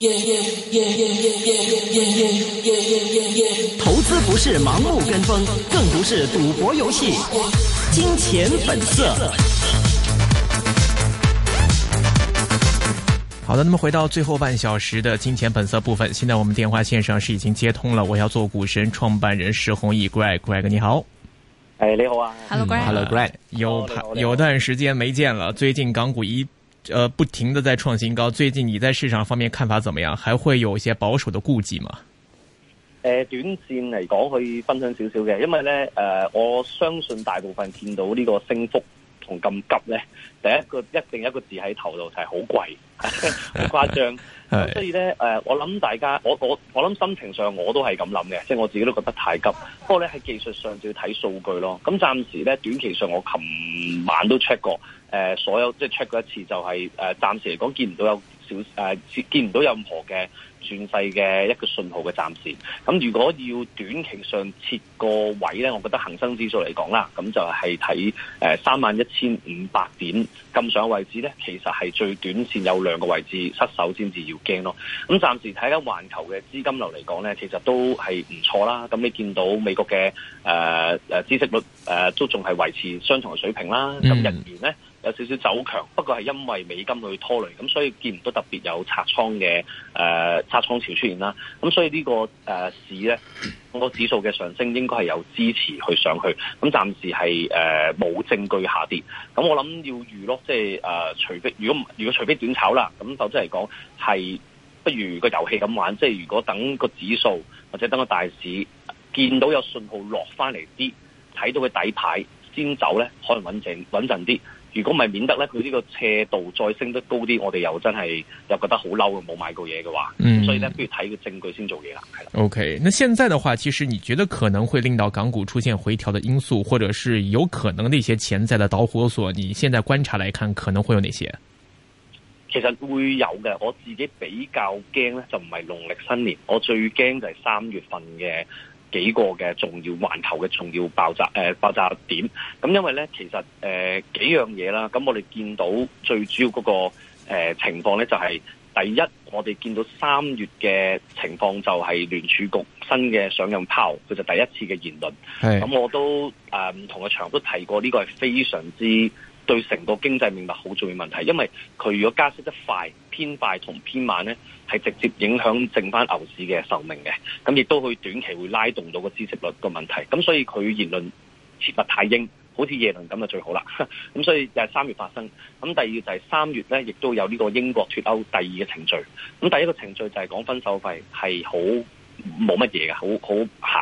投資不是盲目跟風，更不是賭博遊戲。金錢本色。好的，那麼回到最後半小時的金錢本色部分。現在我們電話線上是已經接通了。我要做股神創辦人施宏毅，Greg，Greg 你好。哎、hey, 嗯，你好啊，Hello Greg，Hello Greg，有、oh, hello, hello. 有段時間沒見了，最近港股一。呃，不停的在創新高。最近你在市場方面看法怎麼樣？還會有一些保守的顧忌嗎？誒，短線嚟講可以分享少少嘅，因為咧誒、呃，我相信大部分見到呢個升幅。咁急咧，第一個一定一個字喺頭度，就係、是、好貴，好 誇張。 所以咧，誒，我諗大家，我我我諗心情上我都係咁諗嘅，即、就、係、是、我自己都覺得太急。不過咧，喺技術上就要睇數據咯。咁暫時咧，短期上我琴晚都 check 過，誒、呃，所有即係 check 過一次、就是，就係誒，暫時嚟講見唔到有少誒、呃，見唔到任何嘅轉勢嘅一個信號嘅暫時，咁如果要短期上設個位咧，我覺得恒生指數嚟講啦，咁就係睇誒三萬一千五百點咁上位置咧，其實係最短線有兩個位置失手先至要驚咯。咁暫時睇緊環球嘅資金流嚟講咧，其實都係唔錯啦。咁你見到美國嘅誒誒孳息率誒、呃、都仲係維持相同水平啦，咁入面咧。嗯有少少走強，不過係因為美金去拖累，咁所以見唔到特別有拆倉嘅誒、呃、拆倉潮出現啦。咁所以、這個呃、市呢個誒市咧，個指數嘅上升應該係有支持去上去。咁暫時係誒冇證據下跌。咁我諗要預咯，即係誒除非如果如果除非短炒啦，咁否則嚟講係不如個遊戲咁玩。即、就、係、是、如果等個指數或者等個大市見到有信號落翻嚟啲，睇到個底牌先走咧，可能穩陣穩陣啲。如果唔係免得咧，佢呢個斜度再升得高啲，我哋又真係又覺得好嬲，冇買過嘢嘅話，嗯、所以咧都要睇個證據先做嘢啦。係啦。OK，那現在的話，其實你覺得可能會令到港股出現回調的因素，或者是有可能那些潛在的導火索，你現在觀察來看，可能會有哪些？其實會有嘅，我自己比較驚咧，就唔係農曆新年，我最驚就係三月份嘅。幾個嘅重要環球嘅重要爆炸誒、呃，爆炸點。咁因為咧其實誒、呃、幾樣嘢啦，咁我哋見到最主要嗰、嗰個誒、呃、情況咧就係、係。第一，我哋見到三月嘅情況就係聯儲局新嘅上任鮑，佢就第一次嘅言論。咁是我都唔、嗯、同嘅場合都提過，呢、這個係非常之對成個經濟命脈好重要問題。因為佢如果加息得快、偏快同偏慢咧，係直接影響剩返牛市嘅壽命嘅。咁亦都會短期會拉動到個支持率個問題。咁所以佢言論切勿太鷹。好似耶倫咁就最好啦，咁所以就係三月發生，咁第二就係三月咧，亦都有呢個英國脫歐第二嘅程序，咁第一個程序就係講分手費係好。冇乜嘢㗎，好好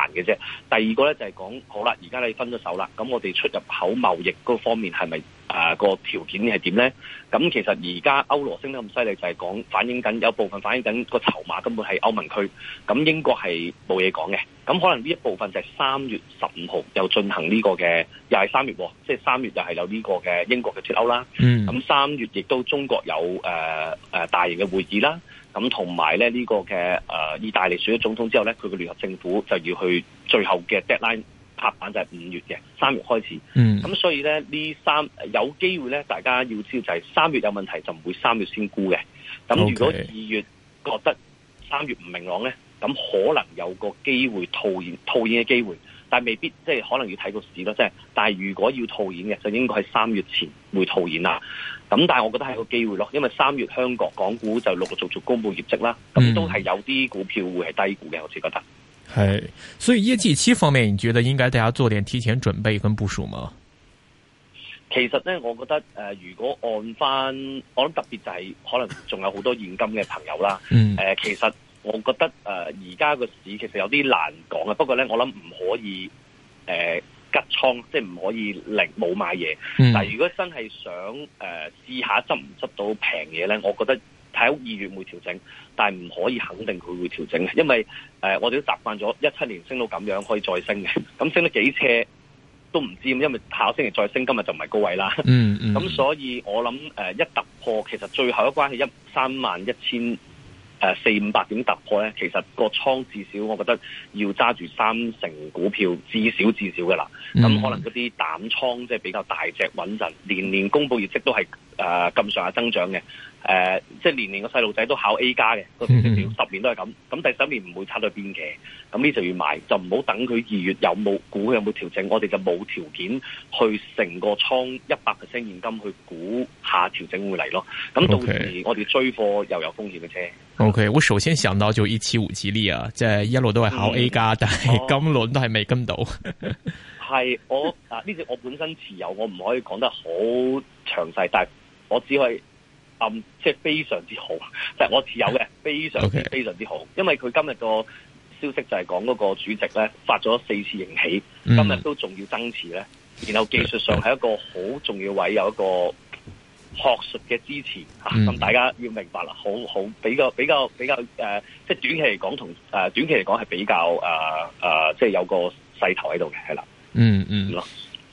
閑嘅啫。第二個咧就係講，好啦，而家你分咗手啦，咁我哋出入口貿易嗰方面係咪啊，個條件係點咧？咁其實而家歐羅升得咁犀利，就係、是、講反映緊有部分反映緊個籌碼根本係歐盟區，咁英國係冇嘢講嘅。咁可能呢一部分就係三月十五號又進行呢個嘅，又係三月、哦，即係三月就係有呢個嘅英國嘅脫歐啦。咁三、嗯、月亦都中國有誒誒、呃呃、大型嘅會議啦。咁同埋咧呢、呢個嘅誒、呃，意大利選咗總統之後咧，佢嘅聯合政府就要去最後嘅 deadline 拍板就，就係五月嘅三月開始。咁、嗯、所以咧呢三有機會咧，大家要知道就係三月有問題就唔會三月先沽嘅。咁如果二月覺得三月唔明朗咧，咁可能有個機會套現套現嘅機會，但係未必即係可能要睇個市咯，即係。但係如果要套現嘅，就應該係三月前會套現啦。咁但係我覺得係個機會咯，因為三月香港港股就陸續續公布業績啦，咁、嗯、都係有啲股票會係低估嘅，我自己覺得係。所以業績期方面，你覺得應該大家做點提前準備跟部署嗎？其實呢，我覺得誒、呃，如果按翻我諗特別就係可能仲有好多現金嘅朋友啦、嗯呃，其實我覺得誒，而家個市其實有啲難講嘅，不過呢，我諗唔可以誒。呃吉倉即係唔可以零冇買嘢，嗯、但如果真係想誒試、呃、下執唔執到平嘢咧，我覺得睇好二月會調整，但係唔可以肯定佢會調整嘅，因為誒、呃、我哋都習慣咗一七年升到咁樣可以再升嘅，咁升得幾車都唔知，因為下個星期再升，今日就唔係高位啦、嗯。嗯嗯，咁所以我諗誒、呃、一突破其實最後一關係一三萬一千。31, 誒、呃、四五百點突破咧，其實個倉至少，我覺得要揸住三成股票，至少至少嘅啦。咁可能嗰啲膽倉即係比較大隻穩陣，年年公佈業績都係誒咁上下增長嘅。誒、呃，即係年年個細路仔都考 A 加嘅，十年十年都係咁，咁第十年唔會差到邊嘅，咁呢就要買，就唔好等佢二月有冇估，有冇調整，我哋就冇條件去成個倉一百 percent 現金去估下調整會嚟咯。咁到時我哋追貨又有風險嘅啫。O、okay, K，我首先想到就一七五幾呢啊，即、就、係、是、一路都係考 A 加，嗯、但係今輪都係未跟到、哦。係 我啊，呢隻我本身持有，我唔可以講得好詳細，但係我只可以。暗、嗯、即係非常之好，即係我持有嘅非常 Okay. 非常之好，因為佢今日個消息就係講嗰個主席咧發咗四次盈喜，mm. 今日都仲要增持咧，然後技術上係一個好重要位有一個學術嘅支持、mm. 啊，咁大家要明白啦，好好，好比較比較、呃呃、比較誒、呃呃，即係短期嚟講同誒短期嚟講係比較誒誒，即係有個勢頭喺度嘅，係啦，嗯嗯、mm。Hmm.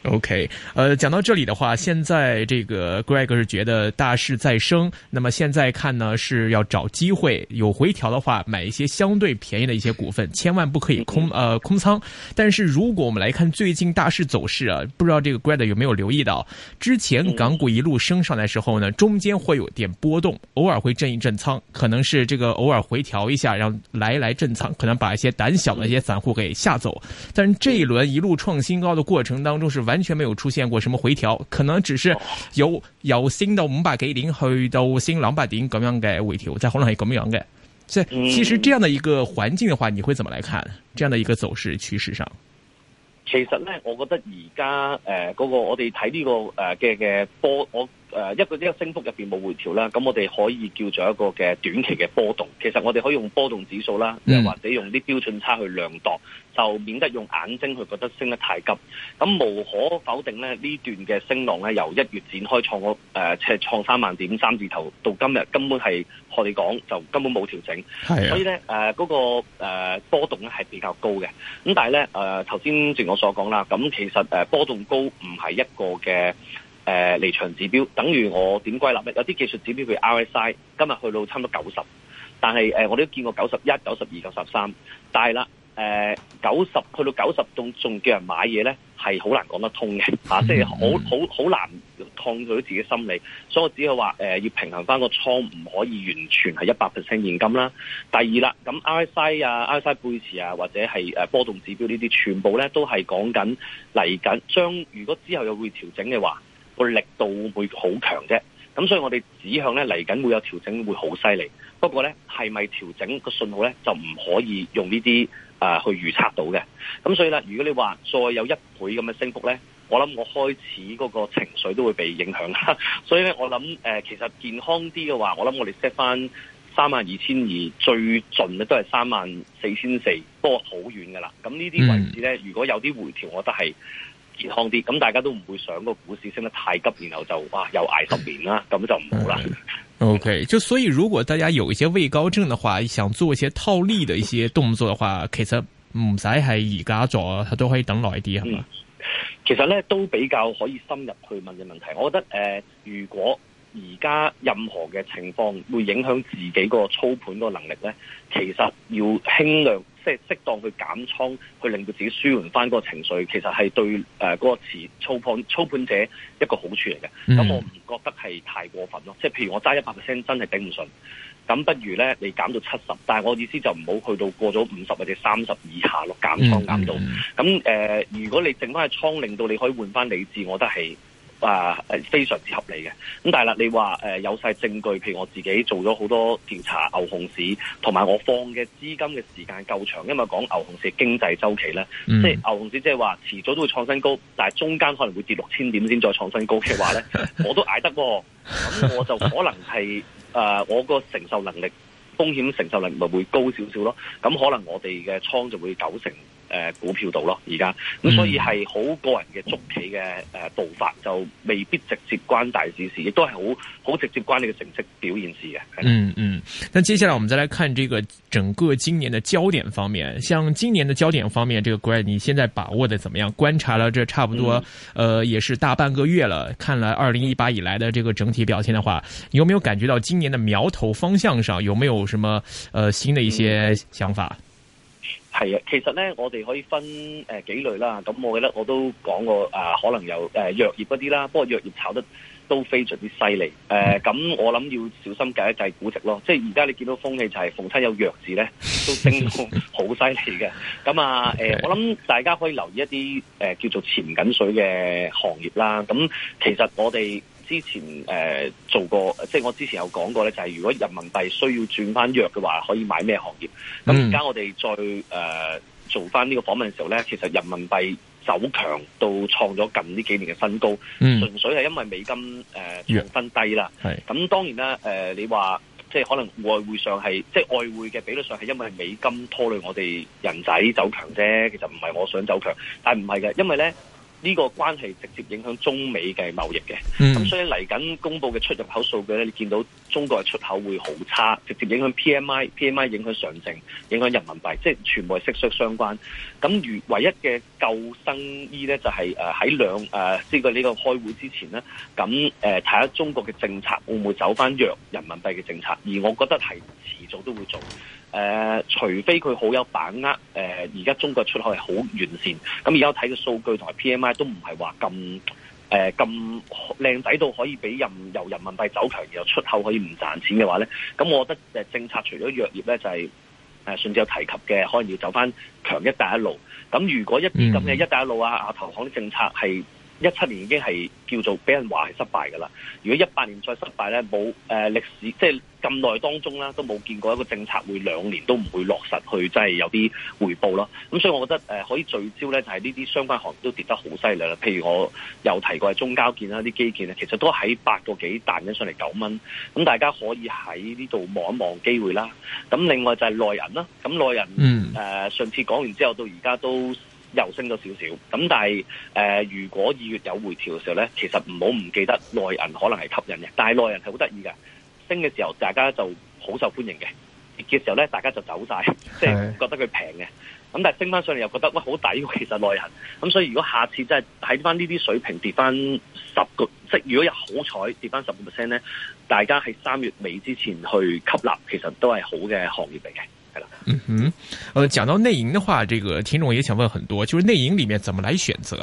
OK，呃，講到這裡的話，現在這個 Greg 是覺得大勢在升，那麼現在看呢是要找機會，有回調的話買一些相對便宜的一些股份，千萬不可以空呃空倉。但是如果我們來看最近大勢走勢啊，不知道這個 Greg 有沒有留意到，之前港股一路升上來的時候呢，中間會有點波動，偶爾會震一震倉，可能是這個偶爾回調一下，然後來一來震倉，可能把一些膽小的一些散戶給嚇走。但是這一輪一路創新高的過程當中是完完全沒有出現過什麼回調，可能只是由由升到五百幾點去到升兩百點咁樣嘅回調，即係可能係咁樣嘅。即係其實這樣的一個環境的話，嗯、你會怎麼來看這樣的一個走勢趨勢上？其實咧，我覺得而家誒，呃嗰個我哋睇呢個誒嘅嘅波我。誒、呃、一個呢個升幅入邊冇回調啦，咁我哋可以叫做一個嘅短期嘅波動。其實我哋可以用波動指數啦，又或者用啲標準差去量度，就免得用眼睛去覺得升得太急。咁無可否定咧，呢段嘅升浪咧由一月展開創誒，即、呃、創三萬點三字頭到今日根本係學你講就根本冇調整，的所以咧誒嗰個、呃、波動咧係比較高嘅。咁但係咧誒頭先正如我所講啦，咁其實波動高唔係一個嘅。誒、呃、離場指標，等於我點歸納咧？有啲技術指標，譬如 R S I，今日去到差唔多九十，但、呃、係我都見過九十一、九十二、九十三，但係啦誒九十去到九十，仲仲叫人買嘢咧，係好難講得通嘅嚇，即係好好好難抗拒自己心理，所以我只係話、呃、要平衡翻個倉，唔可以完全係一百 percent 現金啦。第二啦，咁 R S I 啊、R S I 背馳啊，或者係誒波動指標呢啲，全部咧都係講緊嚟緊，將如果之後又會調整嘅話。個力度會好強啫，咁所以我哋指向咧嚟緊會有調整，會好犀利。不過咧，係咪調整個信號咧，就唔可以用呢啲啊去預測到嘅。咁所以呢，如果你話再有一倍咁嘅升幅咧，我諗我開始嗰個情緒都會被影響。所以咧，我諗誒、呃，其實健康啲嘅話，我諗我哋 set 翻三萬二千二最盡咧，都係三萬四千四，不過好遠噶啦。咁呢啲位置咧，嗯、如果有啲回調，我覺得係。健康啲，咁大家都唔會想個股市升得太急，然後就哇又捱十年啦，咁就唔好啦。嗯、OK，就所以如果大家有一些畏高症的話，想做一些套利的一些動作的話，其實唔使係而家做，佢都可以等耐啲係嘛。其實呢，都比較可以深入去問嘅問題，我覺得誒、呃，如果而家任何嘅情況會影響自己個操盤個能力呢，其實要輕量。即係適當去減倉，去令到自己舒緩翻嗰個情緒，其實係對誒嗰、呃那個持操盤操盤者一個好處嚟嘅。咁我唔覺得係太過分咯。即係譬如我揸一百 percent 真係頂唔順，咁不如咧你減到七十。但係我意思就唔好去到過咗五十或者三十以下咯。減倉減到咁誒、嗯呃，如果你剩翻嘅倉令到你可以換翻理智，我覺得係。啊、呃，非常之合理嘅。咁但係啦，你話誒、呃、有晒證據，譬如我自己做咗好多調查，牛熊市同埋我放嘅資金嘅時間夠長，因為講牛熊市嘅經濟周期咧，嗯、即係牛熊市即係話遲早都會創新高，但係中間可能會跌六千點先再創新高嘅話咧，我都捱得過，咁 我就可能係誒、呃、我個承受能力、風險承受能力咪會高少少咯。咁可能我哋嘅倉就會九成。股票度咯，而家咁，所以係好個人嘅捉棋嘅誒步伐，就未必直接關大市事，亦都係好好直接關你嘅成績表現事嘅。嗯嗯，那接下來我們再來看這個整個今年的焦點方面，像今年的焦點方面，這個 Greg，你現在把握得怎麼樣？觀察了這差不多，呃，也是大半個月了，看了二零一八以來的這個整體表現的話，你有沒有感覺到今年的苗頭方向上有沒有什麼呃新的一些想法？嗯係啊，其實咧，我哋可以分誒、呃、幾類啦。咁我記得我都講過啊、呃，可能有誒藥、呃、業嗰啲啦，不過藥業炒得都非常之犀利。誒、呃，咁我諗要小心計一計估值咯。即係而家你見到風氣就係、是、逢親有藥字咧，都升到好犀利嘅。咁 啊，誒 Okay.、呃，我諗大家可以留意一啲誒、呃、叫做潛緊水嘅行業啦。咁其實我哋。之前、呃、做過，即係我之前有講過咧，就係、是、如果人民幣需要轉翻弱嘅話，可以買咩行業？咁而家我哋再、呃、做翻呢個訪問嘅時候咧，其實人民幣走強到創咗近呢幾年嘅新高，嗯、純粹係因為美金誒創新低啦。咁當然啦、呃，你話即係可能外匯上係即係外匯嘅比率上係因為美金拖累我哋人仔走強啫，其實唔係我想走強，但係唔係嘅，因為咧。呢個關係直接影響中美嘅貿易嘅，咁、嗯、所以嚟緊公佈嘅出入口數據咧，你見到中國嘅出口會好差，直接影響 PMI，PMI 影響上證，影響人民幣，即係全部係息息相關。咁如唯一嘅救生衣咧，就係誒喺兩誒呢個呢個開會之前咧，咁誒睇下中國嘅政策會唔會走翻弱人民幣嘅政策，而我覺得係遲早都會做。誒、呃，除非佢好有把握，誒而家中國出口係好完善，咁而家睇嘅數據同埋 PMI 都唔係話咁誒咁靚仔到可以俾任由人民幣走強，然後出口可以唔賺錢嘅話咧，咁我覺得政策除咗藥業咧，就係誒甚至有提及嘅，可能要走翻強一帶一路。咁如果一啲咁嘅一帶一路啊啊投行啲政策係。一七年已經係叫做俾人話係失敗嘅啦。如果一八年再失敗咧，冇誒歷史，即係咁耐當中啦，都冇見過一個政策會兩年都唔會落實去，真係有啲回報咯。咁、嗯、所以，我覺得誒、呃、可以聚焦咧，就係呢啲相關行業都跌得好犀利啦。譬如我又提過係中交建啦、啲基建咧，其實都喺八個幾彈緊上嚟九蚊。咁、嗯、大家可以喺呢度望一望機會啦。咁、嗯、另外就係內人啦。咁內人誒上次講完之後，到而家都，又升咗少少，咁但係誒、呃，如果二月有回調嘅時候咧，其實唔好唔記得內銀可能係吸引嘅，但係內銀係好得意㗎，升嘅時候大家就好受歡迎嘅，跌、那、嘅、個、時候咧，大家就走晒，即、就、係、是、覺得佢平嘅，咁是的 但係升翻上嚟又覺得喂好抵喎，其實內銀，咁所以如果下次真係喺翻呢啲水平跌翻十個，即係如果有好彩跌翻十個 percent 咧，大家喺三月尾之前去吸納，其實都係好嘅行業嚟嘅。嗯哼，誒、嗯呃，講到內銀嘅話，這個聽眾也想問很多，就是內銀裏面怎麼來選擇？誒、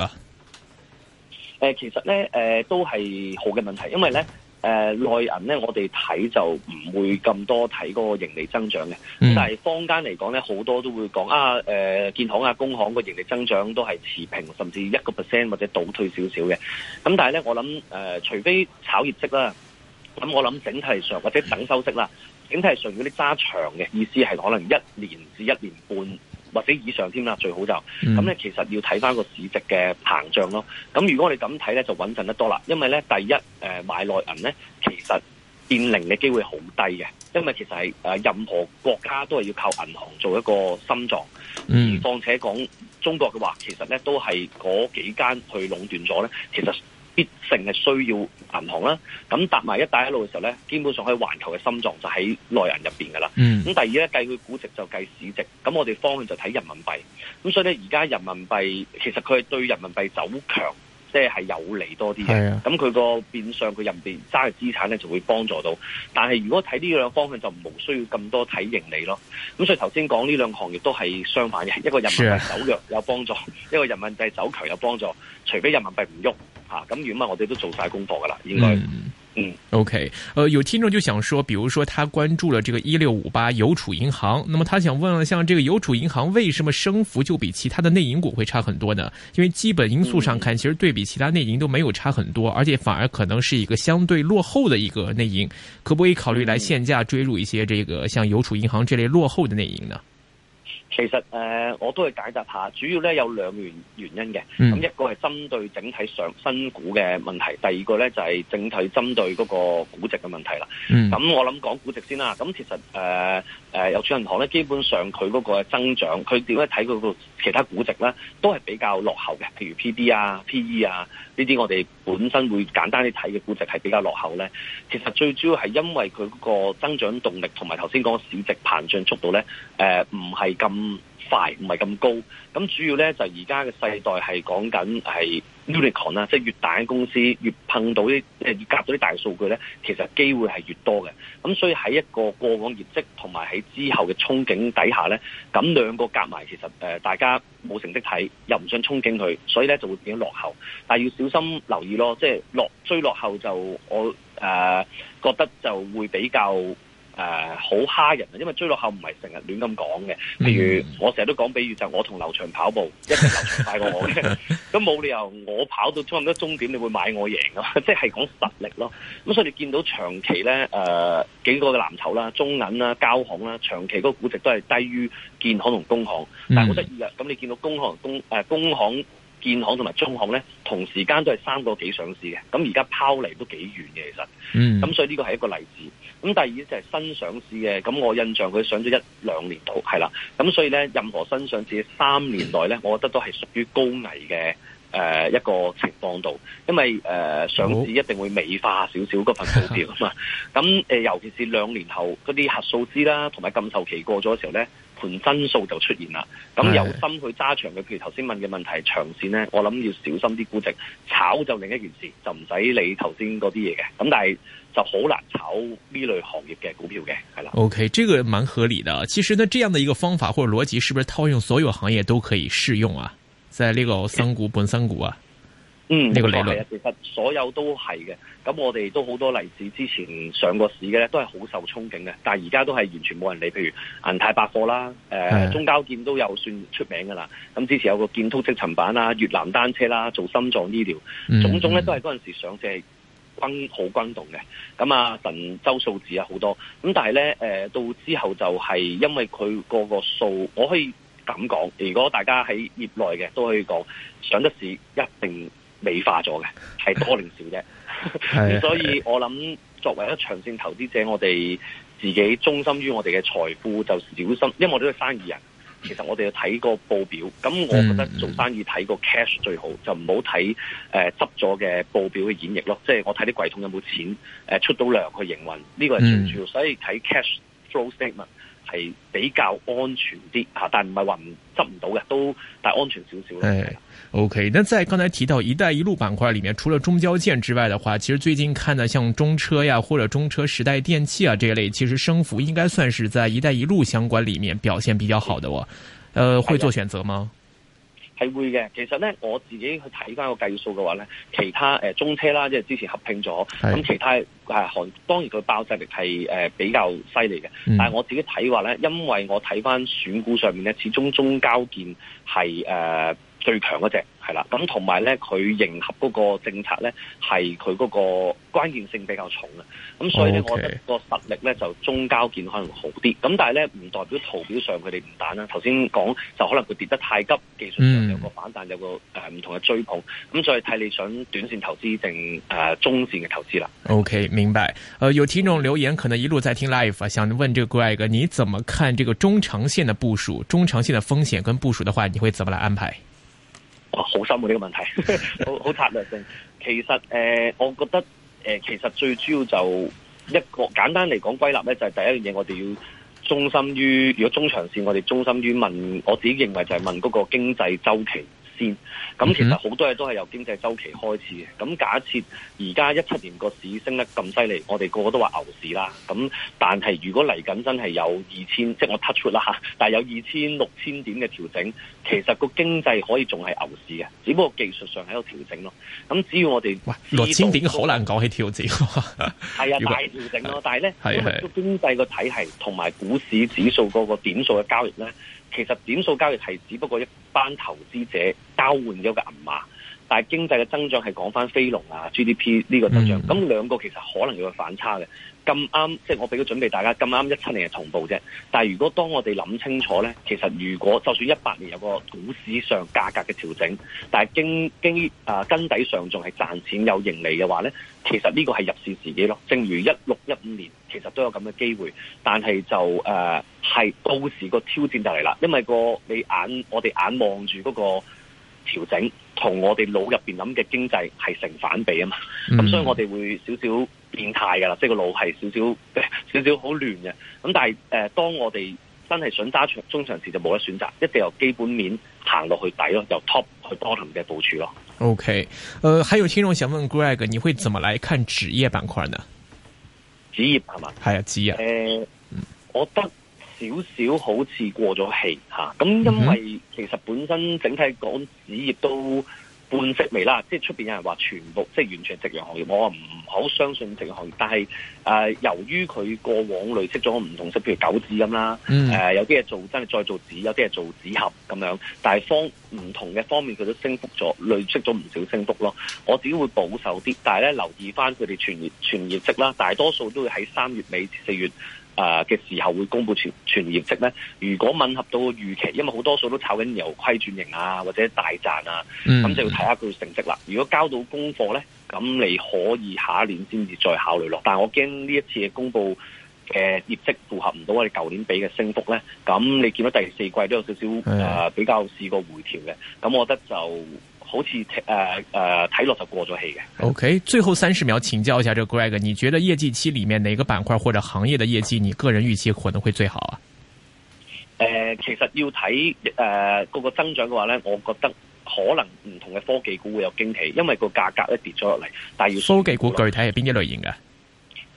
呃，其實咧，誒、呃，都係好嘅問題，因為咧，誒、呃，內銀咧，我哋睇就唔會咁多睇嗰個盈利增長嘅，但係坊間嚟講咧，好多都會講啊，誒、呃，建行啊、工行個盈利增長都係持平，甚至一個 percent 或者倒退少少嘅，咁但係咧，我諗誒、呃，除非炒業績啦，咁我諗整體上或者等收息啦。整體係順嗰啲揸長嘅意思係可能一年至一年半或者以上添啦，最好就咁、是、咧。嗯、其實要睇翻個市值嘅膨脹咯。咁如果我哋咁睇咧，就穩陣得多啦。因為咧，第一誒、呃、買內銀咧，其實變零嘅機會好低嘅，因為其實係、呃、任何國家都係要靠銀行做一個心臟。嗯，而況且講中國嘅話，其實咧都係嗰幾間去壟斷咗咧，其實。必成係需要銀行啦，咁搭埋一帶一路嘅時候咧，基本上以環球嘅心臟就喺內銀入面噶啦。咁、嗯、第二咧，計佢估值就計市值，咁我哋方向就睇人民幣。咁所以咧而家人民幣其實佢對人民幣走強，即、就、係、是、有利多啲嘅。咁佢個變相佢入面揸嘅資產咧就會幫助到。但係如果睇呢兩方向就冇需要咁多睇盈利咯。咁所以頭先講呢兩行業都係相反嘅，一個人民幣走弱有，是、啊、有幫助，一個人民幣走強有幫助。除非人民幣唔喐。啊，咁原本我哋都做晒功課噶啦，應該嗯，OK，呃，有聽眾就想說，比如說他關注了這個一六五八郵儲銀行，那麼他想問，像這個郵儲銀行為什麼升幅就比其他的內銀股會差很多呢？因為基本因素上看，其實對比其他內銀都沒有差很多，嗯、而且反而可能是一個相對落後的一個內銀，可不可以考慮來現價追入一些這個像郵儲銀行這類落後的內銀呢？其實誒、呃，我都係解答一下，主要咧有兩個原原因嘅，咁一個係針對整體上新股嘅問題，第二個咧就係、是、整體針對嗰個估值嘅問題啦。咁、嗯、我諗講估值先啦，咁其實誒。呃誒、呃、有儲銀行咧，基本上佢嗰個增長，佢點解睇佢嗰個其他估值咧，都係比較落後嘅。譬如 P/B 啊、P/E 啊呢啲，我哋本身會簡單啲睇嘅估值係比較落後咧。其實最主要係因為佢嗰個增長動力同埋頭先講個市值膨脹速度咧，誒唔係咁，唔係咁高，咁主要呢，就而家嘅世代係講緊係 unicorn 啦，即係越大嘅公司越碰到啲即係夾到啲大數據呢，其實機會係越多嘅。咁所以喺一個過往業績同埋喺之後嘅憧憬底下呢，咁兩個夾埋其實、呃、大家冇成績睇，又唔想憧憬佢，所以呢就會變咗落後。但係要小心留意咯，即係落追落後就我誒、呃、覺得就會比較。誒，好蝦、呃、人啊！因為追落後唔係成日亂咁講嘅。譬如我成日都講，比如就是、我同劉翔跑步，一定劉翔快過我嘅。咁冇 理由我跑到差唔多終點，你會買我贏噶嘛？即係講實力咯。咁所以你見到長期咧，誒、呃，幾個嘅藍籌啦、中銀啦、交行啦，長期嗰個估值都係低於建行同工行，但係好得意呀，咁你見到工行、工誒工行。建行同埋中行咧，同時間都係三個幾上市嘅，咁而家拋離都幾遠嘅，其實，咁、嗯、所以呢個係一個例子。咁第二就係新上市嘅，咁我印象佢上咗一兩年度，係啦，咁所以咧，任何新上市三年內咧，我覺得都係屬於高危嘅誒、呃、一個情況度，因為誒、呃、上市一定會美化少少嗰份股票啊嘛，咁、 呃、尤其是兩年後嗰啲核數師啦，同埋禁售期過咗嘅時候咧。盤升數就出現啦，咁有心去揸長嘅，譬如頭先問嘅問題長線呢，我諗要小心啲估值，炒就另一件事，就唔使理頭先嗰啲嘢，嘅咁但係就好難炒呢類行業嘅股票嘅，係啦。OK，呢個蠻合理的，其實呢，這樣的一個方法或者邏輯，是不是套用所有行業都可以適用啊？即係呢個三股 Yeah. 本三股啊。嗯，呢個理論啊，其實所有都係嘅。咁我哋都好多例子，之前上過市嘅咧，都係好受憧憬嘅。但係而家都係完全冇人理。譬如銀泰百貨啦，誒的、呃、中交建都有算出名嘅啦。咁之前有個建通積層板啦、越南單車啦，做心臟醫療，種種咧、嗯、都係嗰陣時上即係轟好轟動嘅。咁啊神州數字啊好多。咁但係咧誒，到之後就係因為佢個個數，我可以咁講。如果大家喺業內嘅都可以講，上得市一定。美化咗嘅，係多定少啫。 所以，我諗作為一長線投資者，我哋自己忠心於我哋嘅財富，就小心。因為我哋都係生意人，其實我哋要睇個報表。咁我覺得做生意睇個 cash 最好，嗯、就唔好睇誒執咗嘅報表嘅演繹咯。即係我睇啲櫃桶有冇錢誒、呃、出到糧去營運，呢、呢個係最重要。嗯、所以睇 cash flow statement。係比較安全啲吓，但唔係話唔執唔到嘅，都但係安全少少。誒 ，OK。那在剛才提到一帶一路板塊裏面，除了中交建之外的話，其實最近看的，像中車呀或者中車時代電器啊這類，其實升幅應該算是在一帶一路相關裏面表現比較好的。哦、嗯、呃的會做選擇嗎？係會嘅，其實咧我自己去睇翻個計數嘅話咧，其他誒、呃、中車啦，即係之前合併咗，咁是其他誒韓、啊，當然佢爆勢力係誒、呃、比較犀利嘅，嗯、但係我自己睇話咧，因為我睇翻選股上面咧，始終中交建係誒、呃、最強嗰隻。係啦，咁同埋咧，佢迎合嗰個政策咧，係佢嗰個關鍵性比較重嘅，咁所以咧，Okay. 我覺得個實力咧就中交建可能好啲。咁但係咧，唔代表圖表上佢哋唔彈啦。頭先講就可能佢跌得太急，技術上有個反彈，有個誒唔、呃、同嘅追捧，咁所以睇你想短線投資定誒中線嘅投資啦。OK，明白。誒、呃，有聽眾留言可能一路在聽 live，想問這個 Greg，你怎麼看這個中長線的部署？中長線的風險跟部署的話，你會怎麼來安排？好深㗎、啊、呢、這個問題，好好策略性。其實誒、呃，我覺得誒、呃，其實最主要就一個簡單嚟講歸納咧，就係第一樣嘢，我哋要忠心於，如果中長線，我哋忠心於問，我自己認為就係問嗰個經濟周期。咁、嗯、其實好多嘢都係由經濟周期開始嘅。咁假設而家一七年個市升得咁犀利，我哋個個都話牛市啦。咁但係如果嚟緊真係有二千，即係我突出啦吓，但係有二千六千點嘅調整，其實個經濟可以仲係牛市嘅，只不過技術上喺度調整咯。咁只要我哋二千點好難講起調、啊、果整，係啊，大調整咯。但係咧，因為個經濟個體系同埋股市指數嗰個點數嘅交易咧。其實點數交易係只不過一班投資者交換咗個銀碼，但係經濟嘅增長係講翻非農啊、GDP 呢個增長。咁兩個其實可能有個反差嘅。咁啱，即係我俾個準備大家，咁啱一七年係同步啫。但係如果當我哋諗清楚咧，其實如果就算一八年有個股市上價格嘅調整，但係經經啊、呃、根底上仲係賺錢有盈利嘅話咧，其實呢個係入市時機咯。正如一六一五年，其實都有咁嘅機會，但係就誒係、呃、到時個挑戰就嚟啦，因為個你眼我哋眼望住嗰個調整，同我哋腦入面諗嘅經濟係成反比啊嘛。咁、嗯嗯、所以我哋會少少。變態噶啦，即係個路係少少，少少好亂嘅。咁但係，誒、呃，當我哋真係想揸長中場時就冇得選擇，一定要由基本面行落去底咯，由 top 去 to bottom 嘅部署咯。OK，誒、呃，還有聽眾想問 Greg，你會怎麼來看紙業板塊呢？紙業係嘛？係啊，紙業。Yeah, 紙業呃、我覺得少少好似過咗氣吓。咁、啊、因為其實本身整體講紙業都。半息未啦，即係出邊有人話全部即係完全係夕陽行業，我唔好相信夕陽行業。但係誒、呃，由於佢過往累積咗唔同色，譬如九紙咁啦，誒、呃 mm. 呃、有啲嘢做真係再做紙，有啲係做紙盒咁樣，但係方唔同嘅方面佢都升幅咗，累積咗唔少升幅咯。我只會保守啲，但係咧留意翻佢哋全業全業績啦，大多數都會喺三月尾至四月，誒嘅、呃、時候會公布，全全業績咧？如果吻合到預期，因為好多數都炒緊由虧轉型啊，或者大賺啊，咁就要睇下佢嘅成績啦。如果交到功課咧，咁你可以下一年先至再考慮落。但係我驚呢一次嘅公布嘅業績符合唔到我哋舊年俾嘅升幅咧。咁你見到第四季都有少少誒比較試過回調嘅，咁我覺得就。好似誒誒睇落就過咗氣嘅。OK，最後三十秒，請教一下，這 Greg，你覺得業績期裏面哪個板塊或者行業的業績，你個人預期可能會最好啊？誒、呃，其實要睇誒嗰個增長嘅話咧，我覺得可能唔同嘅科技股會有驚喜，因為個價格咧跌咗落嚟，但係要科技股具體係邊一類型嘅？誒、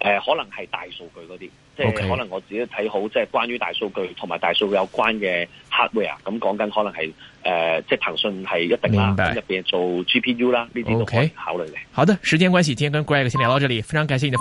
呃，可能係大數據嗰啲。Okay. 即係可能我自己睇好，即係關於大數據同埋大數據有關嘅 hardware 咁、嗯、講緊，可能係誒、呃，即係騰訊係一定啦，入邊白做 GPU 啦，呢啲都可以考慮嘅。Okay. 好的，時間關係，今天跟 Greg 先聊到這裏，非常感謝。你。